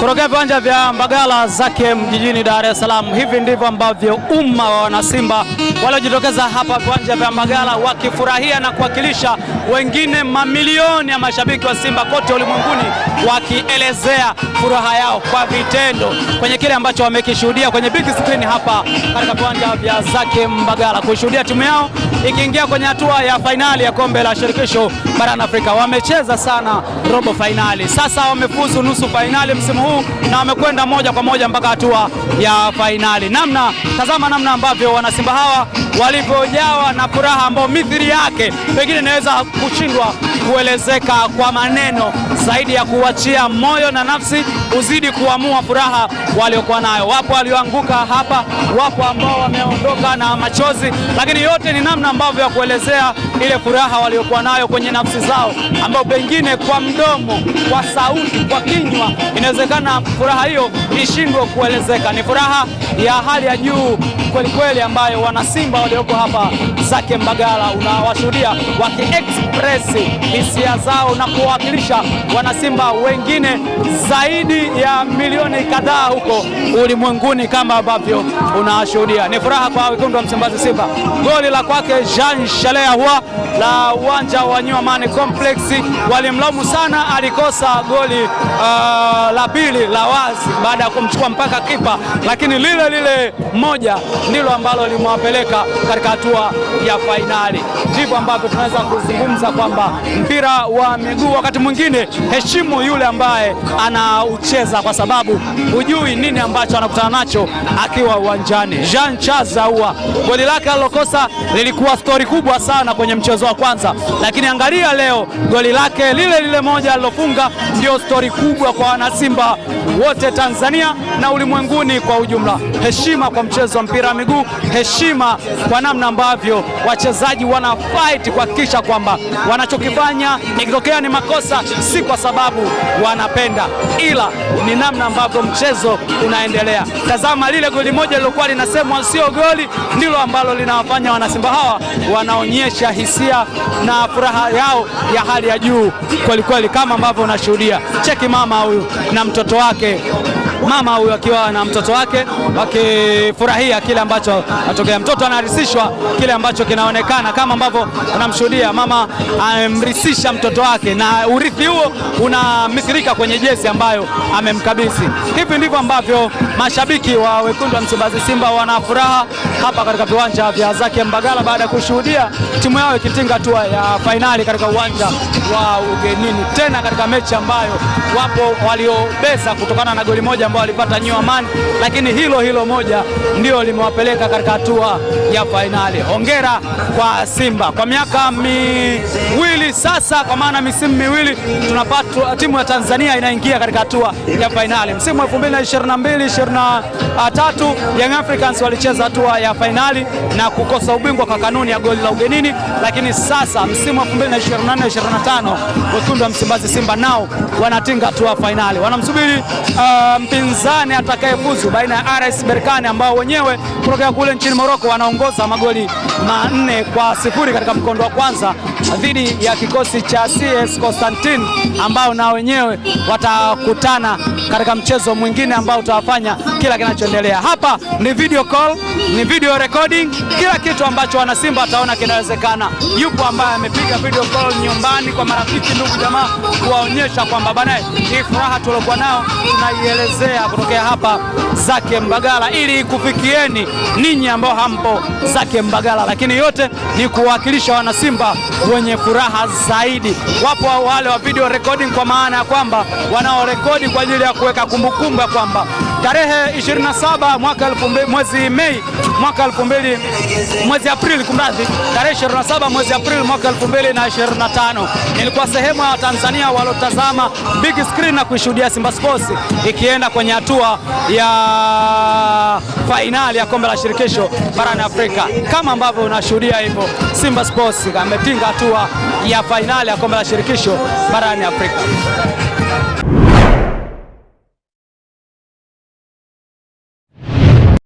Kutokea viwanja vya Mbagala Zakem jijini Dar es Salaam, hivi ndivyo ambavyo umma wa wanasimba waliojitokeza hapa viwanja vya Mbagala wakifurahia na kuwakilisha wengine mamilioni ya mashabiki wa Simba kote ulimwenguni wakielezea furaha yao kwa vitendo kwenye kile ambacho wamekishuhudia kwenye big screen hapa katika viwanja vya Zakem Mbagala, kushuhudia timu yao ikiingia kwenye hatua ya fainali ya kombe la shirikisho barani Afrika. Wamecheza sana robo fainali, sasa wamefuzu nusu fainali msimu huu na wamekwenda moja kwa moja mpaka hatua ya fainali. Namna tazama namna ambavyo wanasimba hawa walivyojawa na furaha ambayo mithili yake pengine inaweza kushindwa kuelezeka kwa maneno, zaidi ya kuwachia moyo na nafsi uzidi kuamua furaha waliokuwa nayo. Wapo walioanguka hapa, wapo ambao wameondoka na machozi, lakini yote ni namna ambavyo ya kuelezea ile furaha waliokuwa nayo kwenye nafsi zao, ambao pengine kwa mdomo, kwa sauti, kwa kinywa inawezekana Inaonekana furaha hiyo ishindwe kuelezeka, ni furaha ya hali ya juu kwelikweli, ambayo wanasimba walioko hapa Zake Mbagala unawashuhudia wakiexpress hisia zao na kuwawakilisha wanasimba wengine zaidi ya milioni kadhaa huko ulimwenguni, kama ambavyo unawashuhudia. Ni furaha kwa wekundu wa Msimbazi, Simba. Goli la kwake Jean Shalea huwa la uwanja wa New Complex, walimlaumu sana, alikosa goli uh, la pili mbili la wazi baada ya kumchukua mpaka kipa, lakini lile lile moja ndilo ambalo limewapeleka katika hatua ya fainali. Ndivyo ambavyo tunaweza kuzungumza kwamba mpira wa miguu wakati mwingine, heshimu yule ambaye anaucheza, kwa sababu hujui nini ambacho anakutana nacho akiwa uwanjani. Jean Charles Ahoua goli lake alilokosa lilikuwa stori kubwa sana kwenye mchezo wa kwanza, lakini angalia leo goli lake lile lile moja alilofunga ndio stori kubwa kwa wanasimba wote, Tanzania na ulimwenguni kwa ujumla. Heshima kwa mchezo wa mpira wa miguu, heshima kwa namna ambavyo wachezaji wana fight kuhakikisha kwamba wanachokifanya ikitokea ni makosa, si kwa sababu wanapenda, ila ni namna ambavyo mchezo unaendelea. Tazama lile goli moja lilokuwa linasemwa sio goli, ndilo ambalo linawafanya wanasimba hawa wanaonyesha hisia na furaha yao ya hali ya juu kwelikweli, kama ambavyo unashuhudia. Cheki mama huyu na mtoto mtoto wake mama huyo akiwa na mtoto wake wakifurahia kile ambacho atokea. Mtoto anarisishwa kile ambacho kinaonekana, kama ambavyo anamshuhudia mama amrisisha mtoto wake, na urithi huo unamithilika kwenye jezi ambayo amemkabidhi. Hivi ndivyo ambavyo mashabiki wa wekundu wa Msimbazi Simba wana furaha hapa katika viwanja vya zake Mbagala baada ya kushuhudia timu yao ikitinga hatua ya fainali katika uwanja wa ugenini, tena katika mechi ambayo wapo waliobeza kutokana na goli moja ambao walipata new amani, lakini hilo hilo moja ndio limewapeleka katika hatua ya fainali. Hongera kwa Simba kwa miaka miwili sasa, kwa maana misimu miwili tunapata timu ya Tanzania inaingia katika hatua ya fainali. Msimu wa 2022 23 Young Africans walicheza hatua ya fainali na kukosa ubingwa kwa kanuni ya goli la ugenini, lakini sasa msimu wa 2024 25 wekundu wa Msimbazi Simba nao wanatinga hatua fainali, wanamsubiri uh, mpinzani atakayefuzu baina ya RS Berkane ambao wenyewe kutokea kule nchini Moroko wanaongoza magoli manne kwa sifuri katika mkondo wa kwanza dhidi ya kikosi cha CS Constantine ambao na wenyewe watakutana katika mchezo mwingine ambao utawafanya kila kinachoendelea hapa. Ni video call, ni video recording, kila kitu ambacho wanasimba wataona kinawezekana. Yupo ambaye amepiga video call nyumbani kwa marafiki, ndugu, jamaa, kuwaonyesha kwamba bana, hii furaha tuliokuwa nao tunaielezea kutokea hapa Zake Mbagala, ili kufikieni ninyi ambao hampo Zake Mbagala, lakini yote ni kuwakilisha wanasimba wenye furaha zaidi. Wapo wale wa video recording, kwa maana ya kwamba wanaorekodi kwa ajili ya kuweka kumbukumbu ya kwamba tarehe 27 mwaka mwezi Mei mwaka 2000 mwezi Aprili kumradhi, tarehe 27 mwezi Aprili mwaka 2025 nilikuwa sehemu ya Watanzania waliotazama big screen na kuishuhudia Simba Sports ikienda kwenye hatua ya fainali ya kombe la shirikisho barani Afrika. Kama ambavyo unashuhudia hivyo, Simba Sports amepinga hatua ya fainali ya kombe la shirikisho barani Afrika.